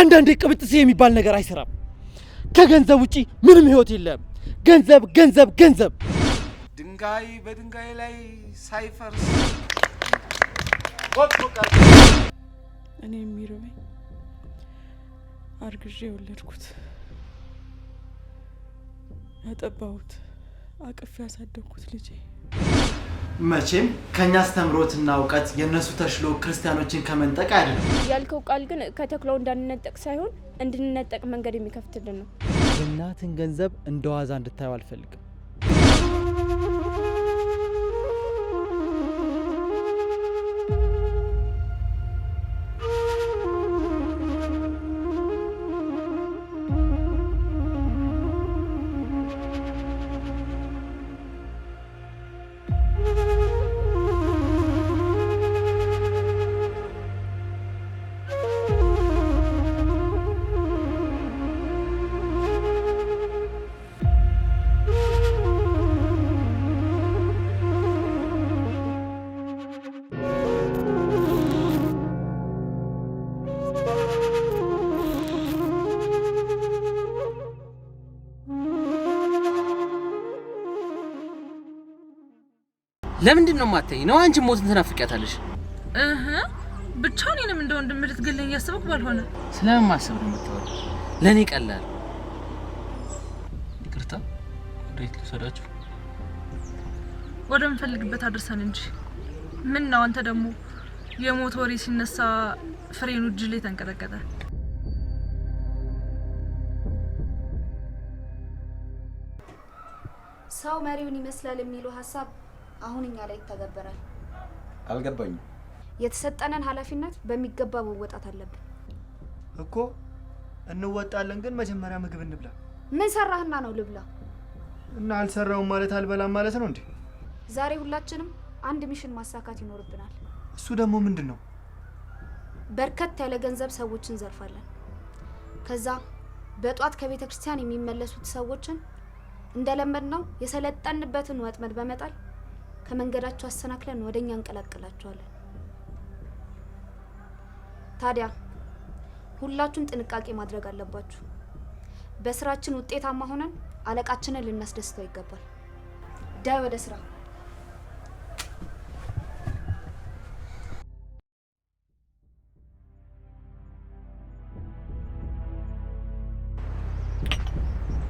አንዳንዴ ቅብጥሴ የሚባል ነገር አይሰራም። ከገንዘብ ውጪ ምንም ህይወት የለም። ገንዘብ ገንዘብ ገንዘብ። ድንጋይ በድንጋይ ላይ ሳይፈርስ እኔ የሚርበኝ አርግዤ የወለድኩት ያጠባሁት አቅፍ ያሳደግኩት ልጄ መቼም ከእኛ አስተምሮትና እውቀት የእነሱ ተሽሎ ክርስቲያኖችን ከመንጠቅ አይደለም። ያልከው ቃል ግን ከተክለው እንዳንነጠቅ ሳይሆን እንድንነጠቅ መንገድ የሚከፍትልን ነው። የእናትን ገንዘብ እንደ ዋዛ እንድታየው አልፈልግም። ለምንድን ነው የማታይኝ? ነው አንቺ ሞትን ትናፍቂያታለሽ? እህ ብቻ እኔንም እንደ ወንድም ልትገለኝ እያሰብክ ባልሆነ ስለማሰብ ነው የምታወራው። ለእኔ ቀላል ይቅርታ። ወዴት ልውሰዳችሁ? ወደምፈልግበት አድርሰን እንጂ ምን ነው አንተ ደግሞ የሞት ወሬ ሲነሳ ፍሬኑ እጅ ላይ ተንቀጠቀጠ። ሰው መሪውን ይመስላል የሚለው ሀሳብ አሁን እኛ ላይ ይተገበራል። አልገባኝም። የተሰጠነን ኃላፊነት በሚገባ መወጣት አለብን እኮ። እንወጣለን፣ ግን መጀመሪያ ምግብ እንብላ። ምን ሰራህና ነው ልብላ? እና አልሰራውም ማለት አልበላም ማለት ነው እንዴ? ዛሬ ሁላችንም አንድ ሚሽን ማሳካት ይኖርብናል። እሱ ደግሞ ምንድን ነው? በርከት ያለ ገንዘብ ሰዎችን ዘርፋለን። ከዛ በጧት ከቤተ ክርስቲያን የሚመለሱት ሰዎችን እንደለመድ ነው የሰለጠንበትን ወጥመድ በመጣል ከመንገዳቸው አሰናክለን ወደ እኛ እንቀላቅላቸዋለን። ታዲያ ሁላችሁም ጥንቃቄ ማድረግ አለባችሁ። በስራችን ውጤታማ ሆነን አለቃችንን ልናስደስተው ይገባል። ዳይ ወደ ስራ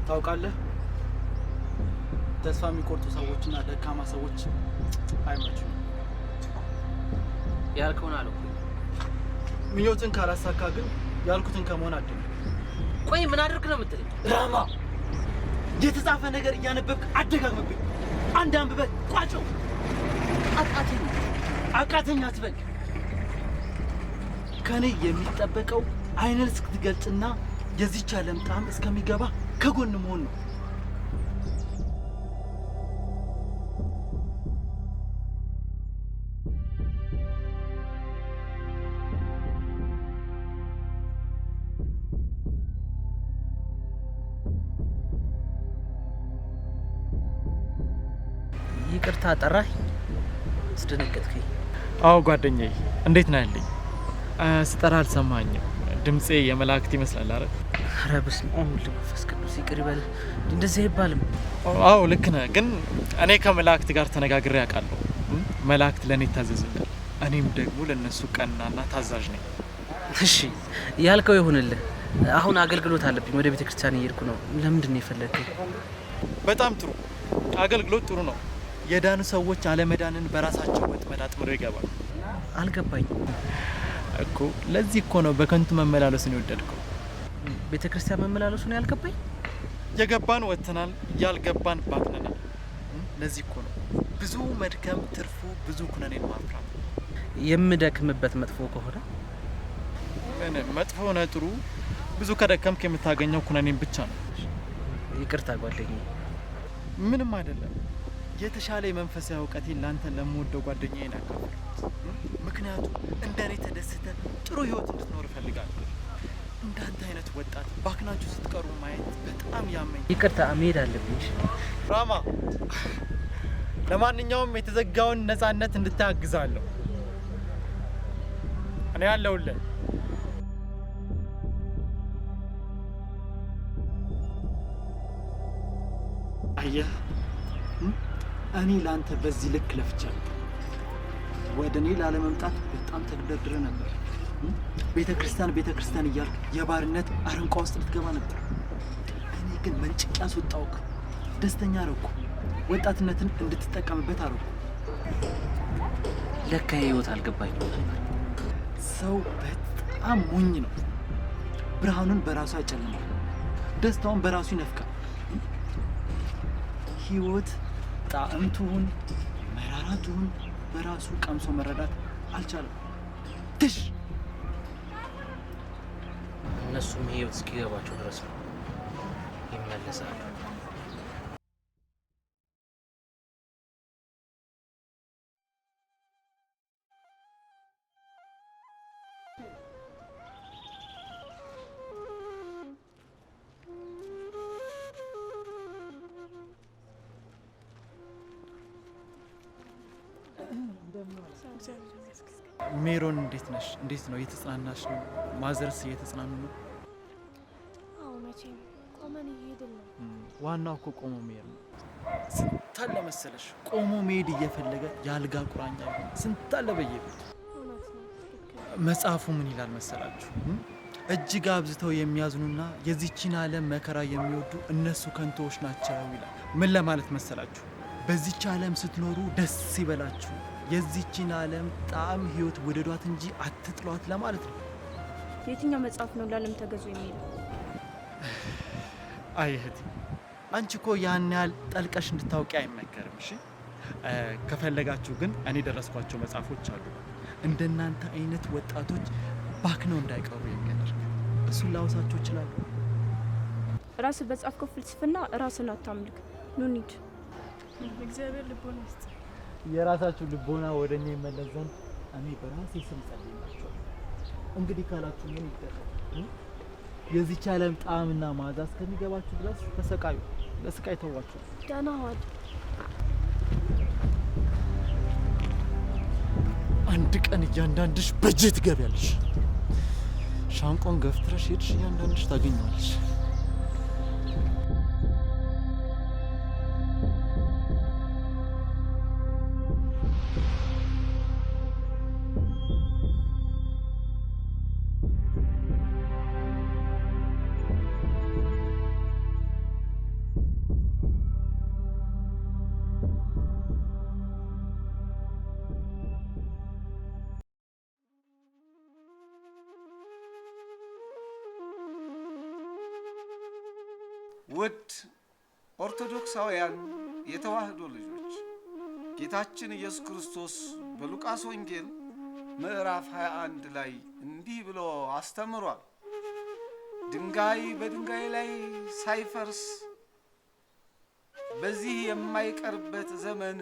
ታውቃለህ ተስፋ የሚቆርጡ ሰዎችና ደካማ ሰዎች አይመችም። ያልከውን አለ ምኞትን ካላሳካ ግን ያልኩትን ከመሆን አደ ቆይ ምን አድርግ ነው የምትለኝ? ራማ የተጻፈ ነገር እያነበብክ አደጋግምብኝ። አንድ አንብበህ ቋጭው። አቃተኝ አቃተኝ አትበል። ከኔ የሚጠበቀው አይንን እስክትገልጥና የዚች ዓለም እስከሚገባ ከጎን መሆን ነው። መታ ጠራህ? አስደነገጥከኝ። አዎ ጓደኛዬ፣ እንዴት ነው ያለኝ? ስጠራ አልሰማኝም። ድምፄ የመላእክት ይመስላል። አረ አረ፣ በስመ አብ ወወልድ ወመንፈስ ቅዱስ ይቅር ይበል። እንደዚህ አይባልም። አዎ ልክ ነህ፣ ግን እኔ ከመላእክት ጋር ተነጋግሬ ያውቃለሁ። መላእክት ለእኔ ይታዘዙኛል፣ እኔም ደግሞ ለእነሱ ቀናና ታዛዥ ነኝ። እሺ ያልከው ይሁንልህ። አሁን አገልግሎት አለብኝ፣ ወደ ቤተ ክርስቲያን እየሄድኩ ነው። ለምንድን ነው የፈለግከኝ? በጣም ጥሩ አገልግሎት ጥሩ ነው። የዳኑ ሰዎች አለመዳንን በራሳቸው ወጥመድ አጥምረው ይገባል። አልገባኝም እኮ ለዚህ እኮ ነው በከንቱ መመላለሱን የወደድከው። ቤተ ክርስቲያን መመላለሱ ነው ያልገባኝ። የገባን ወጥተናል፣ ያልገባን ባክነናል። ለዚህ እኮ ነው ብዙ መድከም ትርፉ ብዙ ኩነኔን ማፍራት። የምደክምበት መጥፎ ከሆነ መጥፎ ሆነ ጥሩ፣ ብዙ ከደከምክ የምታገኘው ኩነኔን ብቻ ነው። ይቅርታ ጓደኛዬ፣ ምንም አይደለም። የተሻለ የመንፈሳዊ እውቀቴን ላንተን ለምወደው ጓደኛዬ ናካፍል። ምክንያቱም እንደኔ ተደስተ ጥሩ ህይወት እንድትኖር እፈልጋለሁ። እንዳንተ አይነት ወጣት ባክናችሁ ስትቀሩ ማየት በጣም ያመኝ። ይቅርታ መሄድ አለብኝ። ራማ፣ ለማንኛውም የተዘጋውን ነፃነት እንድታግዛለሁ እኔ ያለሁልህ። አየህ እኔ ለአንተ በዚህ ልክ ለፍቻለሁ። ወደ እኔ ላለመምጣት በጣም ተግደርድረ ነበር። ቤተ ክርስቲያን ቤተ ክርስቲያን እያልክ የባርነት አረንቋ ውስጥ ልትገባ ነበር። እኔ ግን መንጭቅ ያስወጣውክ፣ ደስተኛ አረኩ፣ ወጣትነትን እንድትጠቀምበት አረኩ። ለካ ህይወት አልገባኝ። ሰው በጣም ሞኝ ነው። ብርሃኑን በራሱ አይጨልማል፣ ደስታውን በራሱ ይነፍቃል። ህይወት ጣዕምቱን መራራቱን በራሱ ቀምሶ መረዳት አልቻለም። ትሽ እነሱም ሕይወት እስኪገባቸው ድረስ ነው ይመለሳሉ። ሜሮን እንዴት ነሽ? እንዴት ነው? እየተጽናናሽ ነው? ማዘርስ እየተጽናኑ ነው? አዎ መቼም ቆመን እየሄድን ነው። ዋናው እኮ ቆሞ መሄድ ነው። ስንታለ መሰለሽ ቆሞ መሄድ እየፈለገ የአልጋ ቁራኛ ይሆን ስንታለ በየቤቱ መጽሐፉ ምን ይላል መሰላችሁ? እጅግ አብዝተው የሚያዝኑና የዚችን ዓለም መከራ የሚወዱ እነሱ ከንቶዎች ናቸው ይላል። ምን ለማለት መሰላችሁ? በዚች ዓለም ስትኖሩ ደስ ይበላችሁ የዚችን ዓለም ጣዕም ህይወት ወደዷት እንጂ አትጥሏት ለማለት ነው። የትኛው መጽሐፍ ነው ለዓለም ተገዙ የሚለው? አይ እህቴ፣ አንቺ እኮ ያን ያህል ጠልቀሽ እንድታውቂ አይመከርም። እሺ፣ ከፈለጋችሁ ግን እኔ ደረስኳቸው መጽሐፎች አሉ እንደናንተ አይነት ወጣቶች ባክ ነው እንዳይቀሩ የሚያደርግ እሱን ላውሳችሁ ይችላሉ። ራስ በጻፍከው ፍልስፍና ራስን አታምልክ። ኑኒድ እግዚአብሔር ልቦን ይስጥ። የራሳችሁ ልቦና ወደ እኛ ይመለስ ዘንድ እኔ በራሴ ስም ጸልይላችኋል። እንግዲህ ካላችሁ ምን ይደረግ? የዚች ዓለም ጣዕምና መዓዛ እስከሚገባችሁ ድረስ ተሰቃዩ። ለስቃይ ተዋችሁ። ደህና ዋል። አንድ ቀን እያንዳንድሽ በእጄ ትገቢያለሽ። ሻንቆን ገፍትረሽ ሄድሽ፣ እያንዳንድሽ ታገኘዋለሽ። ውድ ኦርቶዶክሳውያን የተዋህዶ ልጆች ጌታችን ኢየሱስ ክርስቶስ በሉቃስ ወንጌል ምዕራፍ 21 ላይ እንዲህ ብሎ አስተምሯል። ድንጋይ በድንጋይ ላይ ሳይፈርስ በዚህ የማይቀርበት ዘመን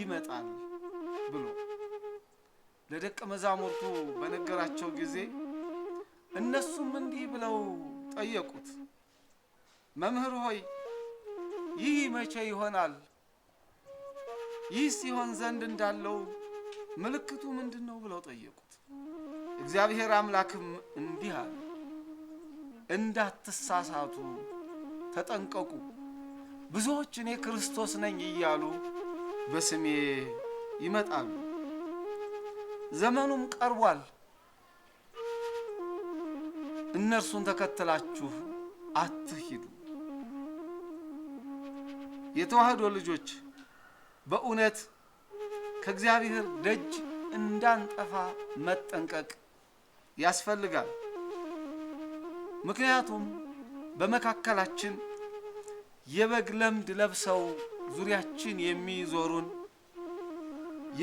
ይመጣል ብሎ ለደቀ መዛሙርቱ በነገራቸው ጊዜ እነሱም እንዲህ ብለው ጠየቁት። መምህር ሆይ ይህ መቼ ይሆናል? ይህ ሲሆን ዘንድ እንዳለው ምልክቱ ምንድን ነው ብለው ጠየቁት። እግዚአብሔር አምላክም እንዲህ አለ፣ እንዳትሳሳቱ ተጠንቀቁ። ብዙዎች እኔ ክርስቶስ ነኝ እያሉ በስሜ ይመጣሉ። ዘመኑም ቀርቧል። እነርሱን ተከትላችሁ አትሂዱ። የተዋህዶ ልጆች በእውነት ከእግዚአብሔር ደጅ እንዳንጠፋ መጠንቀቅ ያስፈልጋል። ምክንያቱም በመካከላችን የበግ ለምድ ለብሰው ዙሪያችን የሚዞሩን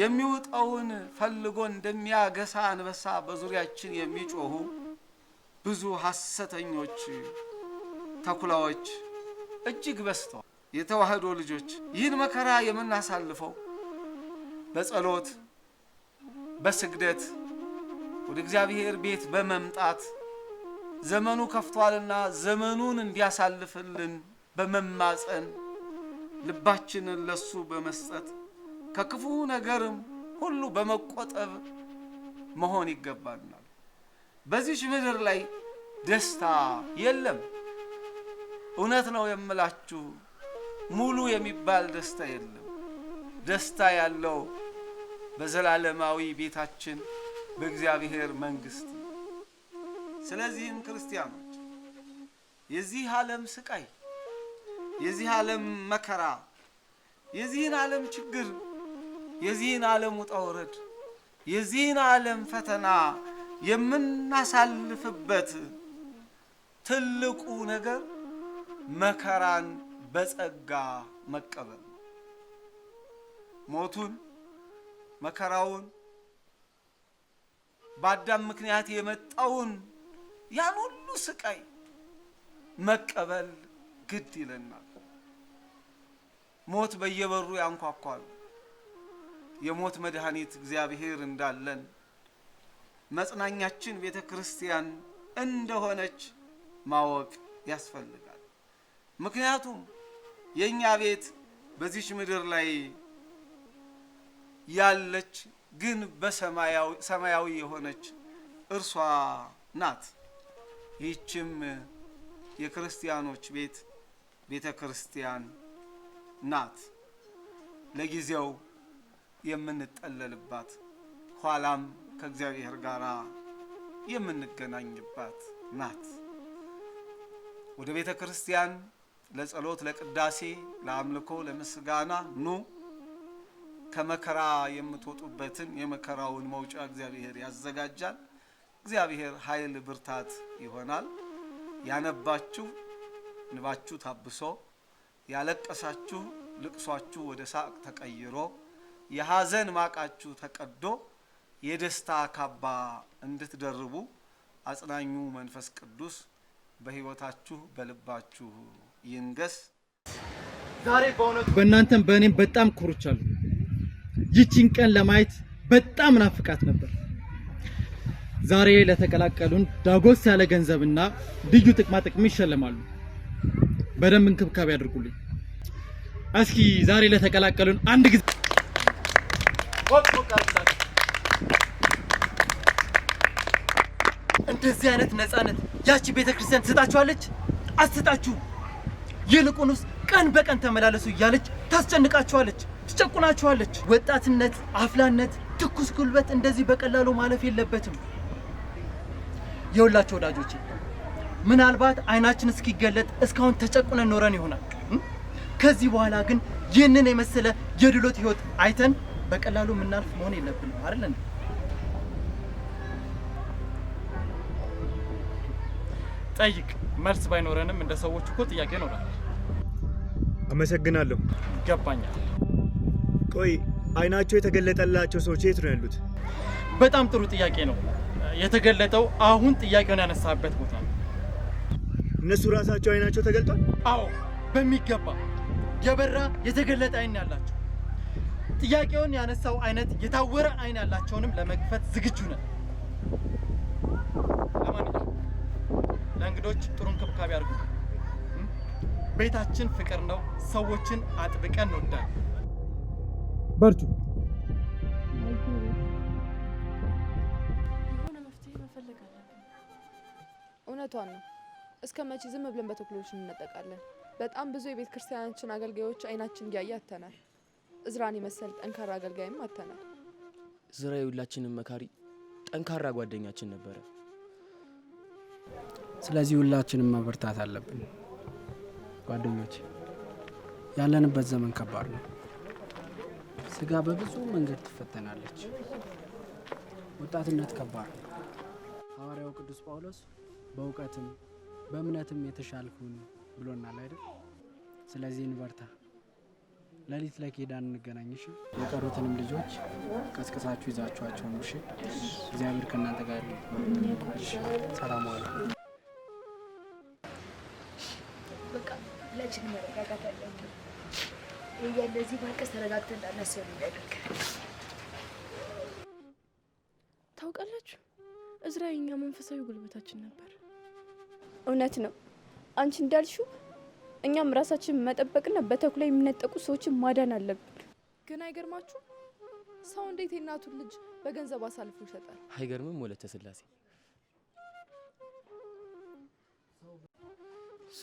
የሚውጠውን ፈልጎ እንደሚያገሳ አንበሳ በዙሪያችን የሚጮሁ ብዙ ሐሰተኞች ተኩላዎች እጅግ በስተዋል። የተዋህዶ ልጆች ይህን መከራ የምናሳልፈው በጸሎት በስግደት ወደ እግዚአብሔር ቤት በመምጣት ዘመኑ ከፍቷልና ዘመኑን እንዲያሳልፍልን በመማፀን ልባችንን ለሱ በመስጠት ከክፉ ነገርም ሁሉ በመቆጠብ መሆን ይገባናል። በዚች ምድር ላይ ደስታ የለም። እውነት ነው የምላችሁ። ሙሉ የሚባል ደስታ የለም። ደስታ ያለው በዘላለማዊ ቤታችን በእግዚአብሔር መንግሥት። ስለዚህም ክርስቲያኖች የዚህ ዓለም ስቃይ፣ የዚህ ዓለም መከራ፣ የዚህን ዓለም ችግር፣ የዚህን ዓለም ውጣ ውረድ፣ የዚህን ዓለም ፈተና የምናሳልፍበት ትልቁ ነገር መከራን በጸጋ መቀበል ነው። ሞቱን መከራውን በአዳም ምክንያት የመጣውን ያን ሁሉ ስቃይ መቀበል ግድ ይለናል። ሞት በየበሩ ያንኳኳል። የሞት መድኃኒት እግዚአብሔር እንዳለን መጽናኛችን ቤተ ክርስቲያን እንደሆነች ማወቅ ያስፈልጋል። ምክንያቱም የእኛ ቤት በዚች ምድር ላይ ያለች ግን በሰማያዊ የሆነች እርሷ ናት። ይህችም የክርስቲያኖች ቤት ቤተ ክርስቲያን ናት። ለጊዜው የምንጠለልባት ኋላም ከእግዚአብሔር ጋር የምንገናኝባት ናት። ወደ ቤተ ክርስቲያን ለጸሎት፣ ለቅዳሴ፣ ለአምልኮ፣ ለምስጋና ኑ ከመከራ የምትወጡበትን የመከራውን መውጫ እግዚአብሔር ያዘጋጃል። እግዚአብሔር ኃይል ብርታት ይሆናል። ያነባችሁ ንባችሁ ታብሶ፣ ያለቀሳችሁ ልቅሷችሁ ወደ ሳቅ ተቀይሮ፣ የሐዘን ማቃችሁ ተቀዶ፣ የደስታ ካባ እንድትደርቡ አጽናኙ መንፈስ ቅዱስ በሕይወታችሁ በልባችሁ ይንገስ። ዛሬ በእውነቱ በእናንተም በእኔም በጣም ኮርቻለሁ። ይቺን ቀን ለማየት በጣም ናፍቃት ነበር። ዛሬ ለተቀላቀሉን ዳጎስ ያለ ገንዘብና ልዩ ጥቅማ ጥቅም ይሸለማሉ። በደንብ እንክብካቤ ያድርጉልኝ። እስኪ ዛሬ ለተቀላቀሉን አንድ ጊዜ እንደዚህ አይነት ነፃነት ያቺ ቤተክርስቲያን ትሰጣችኋለች? አትሰጣችሁም? ይልቁንስ ቀን በቀን ተመላለሱ እያለች ታስጨንቃችኋለች፣ ትጨቁናችኋለች። ወጣትነት፣ አፍላነት፣ ትኩስ ጉልበት እንደዚህ በቀላሉ ማለፍ የለበትም። የሁላችሁ ወዳጆች ምናልባት አይናችን እስኪገለጥ እስካሁን ተጨቁነን ኖረን ይሆናል። ከዚህ በኋላ ግን ይህንን የመሰለ የድሎት ህይወት አይተን በቀላሉ የምናልፍ መሆን የለብንም አይደል? ጠይቅ። መልስ ባይኖረንም እንደ ሰዎች እኮ ጥያቄ ይኖራል። አመሰግናለሁ። ይገባኛል። ቆይ አይናቸው የተገለጠላቸው ሰዎች የት ነው ያሉት? በጣም ጥሩ ጥያቄ ነው። የተገለጠው አሁን ጥያቄውን ያነሳበት ቦታ ነው። እነሱ ራሳቸው አይናቸው ተገልጧል? አዎ በሚገባ የበራ የተገለጠ አይን ያላቸው ጥያቄውን ያነሳው አይነት የታወረ አይን ያላቸውንም ለመግፈት ዝግጁ ነን። ለእንግዶች ጥሩ እንክብካቤ አድርጉ። ቤታችን ፍቅር ነው። ሰዎችን አጥብቀን እንወዳለን። በርቱ። የሆነ መፍትሄ መፈለግ አለብን። እውነቷን ነው። እስከ መቼ ዝም ብለን በተኩሎች እንነጠቃለን? በጣም ብዙ የቤተ ክርስቲያናችን አገልጋዮች አይናችን እያየ አተናል። እዝራን የመሰል ጠንካራ አገልጋይም አተናል። እዝራ የሁላችንም መካሪ ጠንካራ ጓደኛችን ነበረ። ስለዚህ ሁላችንም መበርታት አለብን። ጓደኞች ያለንበት ዘመን ከባድ ነው። ስጋ በብዙ መንገድ ትፈተናለች። ወጣትነት ከባድ ነው። ሐዋርያው ቅዱስ ጳውሎስ በእውቀትም በእምነትም የተሻልኩን ብሎናል አይደል? ስለዚህ እንበርታ። ሌሊት ለኪዳን እንገናኝሽ። የቀሩትንም ልጆች ቀስቀሳችሁ ይዛችኋቸውን። እሺ። እግዚአብሔር ከእናንተ ጋር። ሰላም ሁላችንም መረጋጋት አለብን። ይህ እንደዚህ ተረጋግተን እንዳናሰብ የሚያደርግ ታውቃላችሁ። እዝራ የኛ መንፈሳዊ ጉልበታችን ነበር። እውነት ነው። አንቺ እንዳልሽው እኛም ራሳችን መጠበቅና በተኩላ የሚነጠቁ ሰዎችን ማዳን አለብን። ግን አይገርማችሁ ሰው እንዴት የእናቱን ልጅ በገንዘብ አሳልፎ ይሰጣል? አይገርምም ወለተ ስላሴ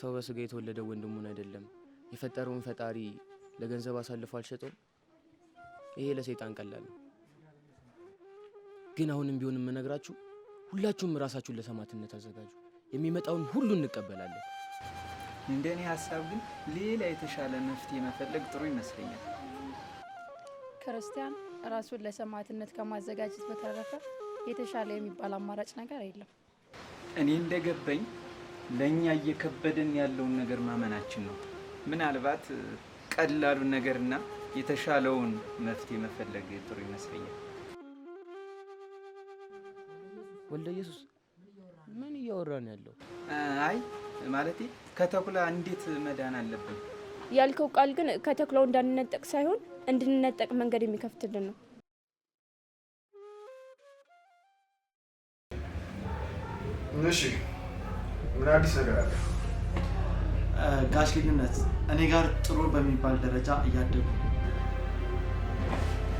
ሰው በስጋ የተወለደ ወንድሙን አይደለም የፈጠረውን ፈጣሪ ለገንዘብ አሳልፎ አልሸጠም። ይሄ ለሰይጣን ቀላል ነው። ግን አሁንም ቢሆን የምነግራችሁ ሁላችሁም ራሳችሁን ለሰማዕትነት አዘጋጁ። የሚመጣውን ሁሉ እንቀበላለን። እንደኔ ሀሳብ ግን ሌላ የተሻለ መፍትሄ መፈለግ ጥሩ ይመስለኛል። ክርስቲያን ራሱን ለሰማዕትነት ከማዘጋጀት በተረፈ የተሻለ የሚባል አማራጭ ነገር የለም። እኔ እንደገባኝ ለእኛ እየከበደን ያለውን ነገር ማመናችን ነው። ምናልባት ቀላሉን ነገርና የተሻለውን መፍትሄ መፈለግ ጥሩ ይመስለኛል። ወልደ ኢየሱስ ምን እያወራን ያለው? አይ ማለቴ ከተኩላ እንዴት መዳን አለብን ያልከው ቃል ግን ከተኩላው እንዳንነጠቅ ሳይሆን እንድንነጠቅ መንገድ የሚከፍትልን ነው። እሺ ምን አዲስ ነገር አለ? ጋሽ ልዩነት እኔ ጋር ጥሩ በሚባል ደረጃ እያደጉ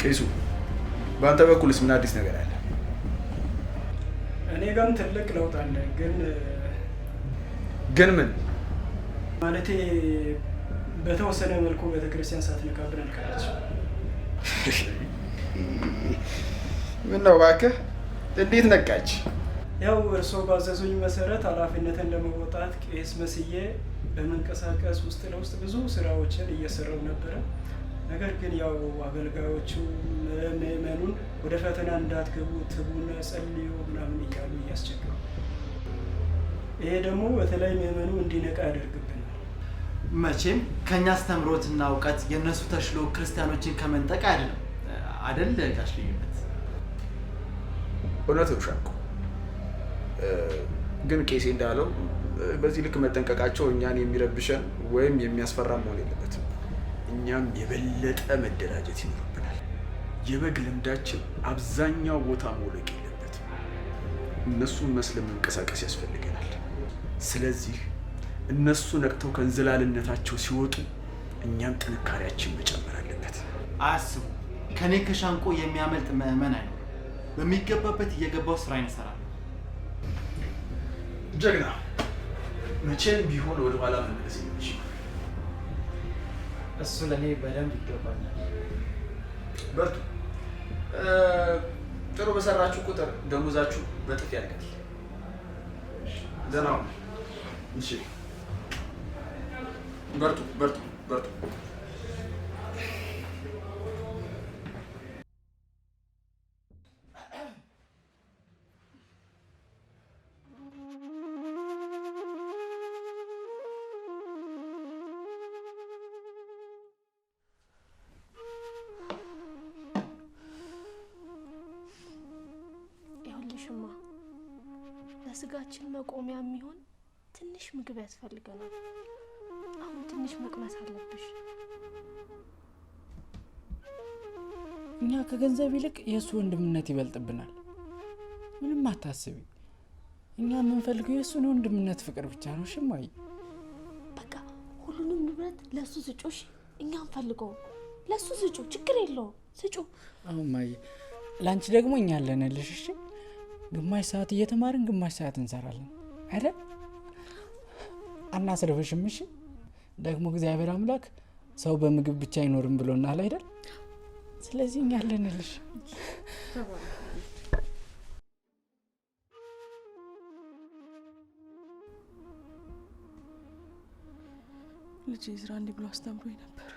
ቄሱ፣ በአንተ በኩልስ ምን አዲስ ነገር አለ? እኔ ጋርም ትልቅ ለውጥ አለ። ግን ግን ምን ማለቴ በተወሰነ መልኩ ቤተክርስቲያን ሳትነካ ብለን ምን ነው እባክህ፣ እንዴት ነቃች? ያው እርስዎ ባዘዙኝ መሰረት ኃላፊነትን ለመወጣት ቄስ መስዬ በመንቀሳቀስ ውስጥ ለውስጥ ብዙ ስራዎችን እየሰራው ነበረ። ነገር ግን ያው አገልጋዮቹ ምዕመኑን ወደ ፈተና እንዳትገቡ ትቡን ጸልዩ ምናምን እያሉ እያስቸገሩ፣ ይሄ ደግሞ በተለይ ምዕመኑ እንዲነቃ ያደርግብናል። መቼም ከእኛ አስተምሮትና እውቀት የእነሱ ተሽሎ ክርስቲያኖችን ከመንጠቅ አይደለም አደል ጋሽ ልዩነት እውነት ግን ቄሴ እንዳለው በዚህ ልክ መጠንቀቃቸው እኛን የሚረብሸን ወይም የሚያስፈራ መሆን የለበትም። እኛም የበለጠ መደራጀት ይኖርብናል። የበግ ልምዳችን አብዛኛው ቦታ መውለቅ የለበትም። እነሱን መስለን መንቀሳቀስ ያስፈልገናል። ስለዚህ እነሱ ነቅተው ከእንዝላልነታቸው ሲወጡ እኛም ጥንካሬያችን መጨመር አለበት። አያስቡ ከኔ ከሻንቆ የሚያመልጥ ምዕመን አይኖርም። በሚገባበት እየገባው ስራ ይሰራል። ጀግና መቼም ቢሆን ወደኋላ መመለስ የሚችል እሱ ለእኔ በደንብ ይገባኛል። በርቱ። ጥሩ በሰራችሁ ቁጥር ደሞዛችሁ በጥፍ ያድጋል። ደህና ሁኑ። በርቱ፣ በርቱ፣ በርቱ። ያስፈልገናል። አሁን ትንሽ መቅመስ አለብሽ። እኛ ከገንዘብ ይልቅ የእሱ ወንድምነት ይበልጥብናል። ምንም አታስቢ። እኛ የምንፈልገው የእሱን ወንድምነት ፍቅር ብቻ ነው። ሽማይ በቃ ሁሉንም ንብረት ለእሱ ስጮሽ። እኛ እንፈልገው ለእሱ ስጩ፣ ችግር የለው ስጩ። አሁማይ ለአንቺ ደግሞ እኛ አለንልሽ። እሺ ግማሽ ሰዓት እየተማርን ግማሽ ሰዓት እንሰራለን አይደል? አናስርብሽም። እሺ ደግሞ እግዚአብሔር አምላክ ሰው በምግብ ብቻ አይኖርም ብሎናል አይደል? ስለዚህ እኛ አለንልሽ። ልጅ ዝራ እንዲህ ብሎ አስተምሮኝ ነበር።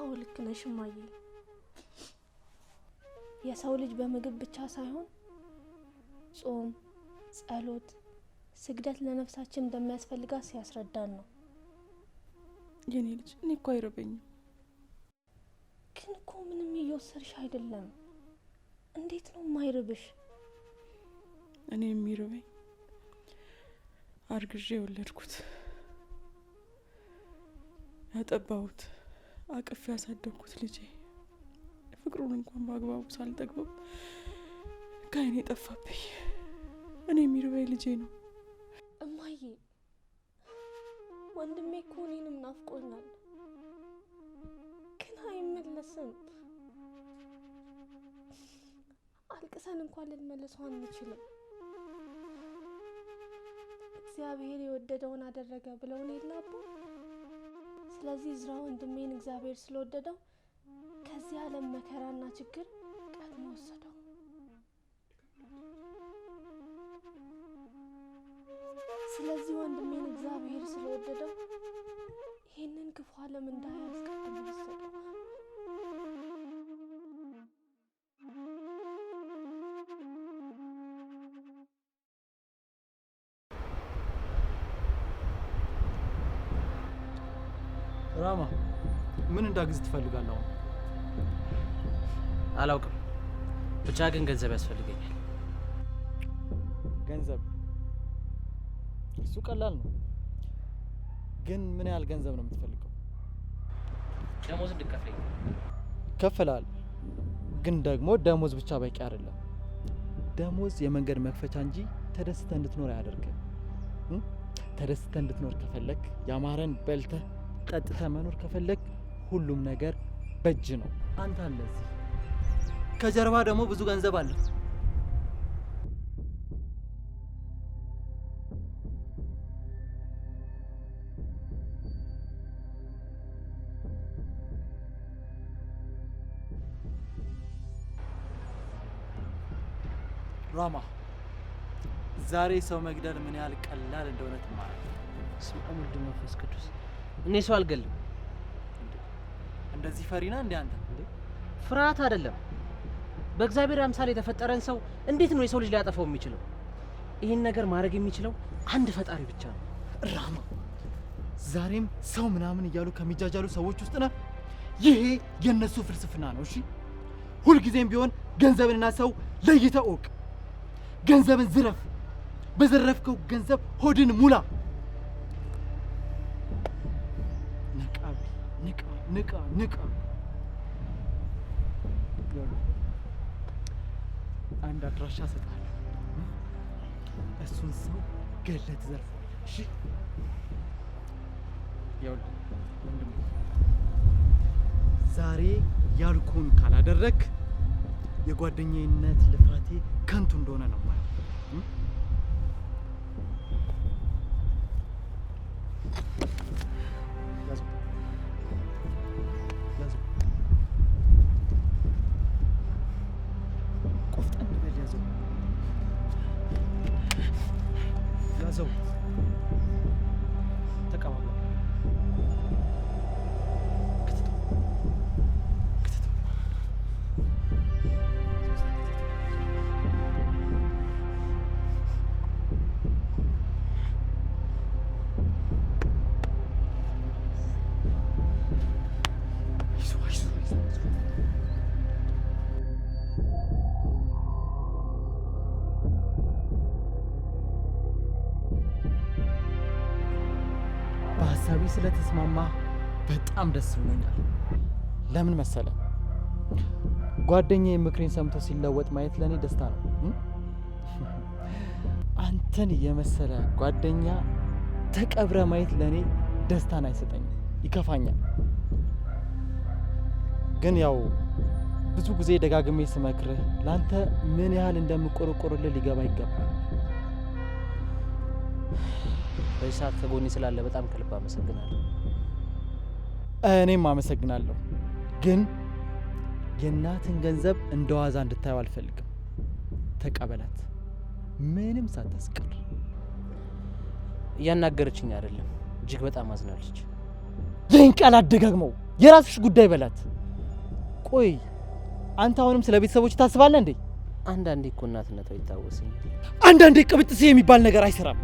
አዎ ልክ ነሽ እማዬ። የሰው ልጅ በምግብ ብቻ ሳይሆን ጾም፣ ጸሎት፣ ስግደት ለነፍሳችን እንደሚያስፈልጋት ሲያስረዳን ነው። የኔ ልጅ እኔ እኮ አይረበኝም። ግን እኮ ምንም እየወሰድሽ አይደለም። እንዴት ነው የማይርብሽ? እኔ የሚርበኝ አርግዤ የወለድኩት ያጠባሁት አቅፍ ያሳደግኩት ልጄ ፍቅሩን እንኳን በአግባቡ ሳልጠግበው ለካ እኔ ጠፋብኝ። እኔ የሚርበኝ ልጄ ነው። እማዬ፣ ወንድሜ እኮ እኔንም ናፍቆኛል፣ ግን አይመለስም። አልቅሰን እንኳን ልንመልሰው አንችልም። እግዚአብሔር የወደደውን አደረገ ብለውን የላቡ። ስለዚህ እዝራ ወንድሜን እግዚአብሔር ስለወደደው ከዚህ ዓለም መከራና ችግር ቀድሞ ወሰደ። አለም እንዳያስቀድም ይሰጡ ራማ ምን እንዳግዝ ትፈልጋለሁ? አላውቅም። ብቻ ግን ገንዘብ ያስፈልገኛል። ገንዘብ? እሱ ቀላል ነው። ግን ምን ያህል ገንዘብ ነው የምትፈልገው? ደሞዝ እንድከፍለኝ ይከፍላል። ግን ደግሞ ደሞዝ ብቻ በቂ አይደለም። ደሞዝ የመንገድ መክፈቻ እንጂ ተደስተ እንድትኖር አያደርግም። ተደስተ እንድትኖር ከፈለክ፣ ያማረን በልተህ ጠጥተ መኖር ከፈለክ፣ ሁሉም ነገር በእጅ ነው። አንተ አለ ከጀርባ ደግሞ ብዙ ገንዘብ አለ። ራማ ዛሬ ሰው መግደል ምን ያህል ቀላል እንደሆነ ትማራለህ። ስመ አብ ወልድ መንፈስ ቅዱስ። እኔ ሰው አልገልም። እንደዚህ ፈሪና እንዴ አንተ? ፍርሃት አይደለም። በእግዚአብሔር አምሳል የተፈጠረን ሰው እንዴት ነው የሰው ልጅ ሊያጠፋው የሚችለው? ይህን ነገር ማድረግ የሚችለው አንድ ፈጣሪ ብቻ ነው። ራማ ዛሬም ሰው ምናምን እያሉ ከሚጃጃሉ ሰዎች ውስጥ ነህ። ይሄ የእነሱ ፍልስፍና ነው። እሺ ሁልጊዜም ቢሆን ገንዘብንና ሰው ለይተህ እወቅ። ገንዘብን ዝረፍ፣ በዘረፍከው ገንዘብ ሆድን ሙላ። ንቃ ንቃ ንቃ ንቃ። አንድ አድራሻ ሰጣለሁ፣ እሱን ሰው ገለት ዘርፍ። እሺ ዛሬ ያልኩን ካላደረግ የጓደኝነት ልፋቴ ከንቱ እንደሆነ ነው ማለት ሀሳቤ ስለተስማማ በጣም ደስ ብሎኛል። ለምን መሰለ ጓደኛዬ ምክሬን ሰምቶ ሲለወጥ ማየት ለእኔ ደስታ ነው። አንተን የመሰለ ጓደኛ ተቀብረ ማየት ለእኔ ደስታን አይሰጠኝም፣ ይከፋኛል። ግን ያው ብዙ ጊዜ ደጋግሜ ስመክርህ ለአንተ ምን ያህል እንደምቆረቆርልህ ሊገባ ይገባል። በዚህ ሰዓት ከጎኔ ስላለ በጣም ከልብ አመሰግናለሁ። እኔም አመሰግናለሁ፣ ግን የእናትን ገንዘብ እንደ ዋዛ እንድታየው አልፈልግም። ተቀበላት፣ ምንም ሳታስቀር። እያናገረችኝ አይደለም፣ እጅግ በጣም አዝናለች። ይህን ቃል አደጋግመው የራስሽ ጉዳይ በላት። ቆይ አንተ አሁንም ስለ ቤተሰቦች ታስባለህ እንዴ? አንዳንዴ እኮ እናትነቷ ይታወሰኛል። አንዳንዴ ቅብጥሴ የሚባል ነገር አይሰራም።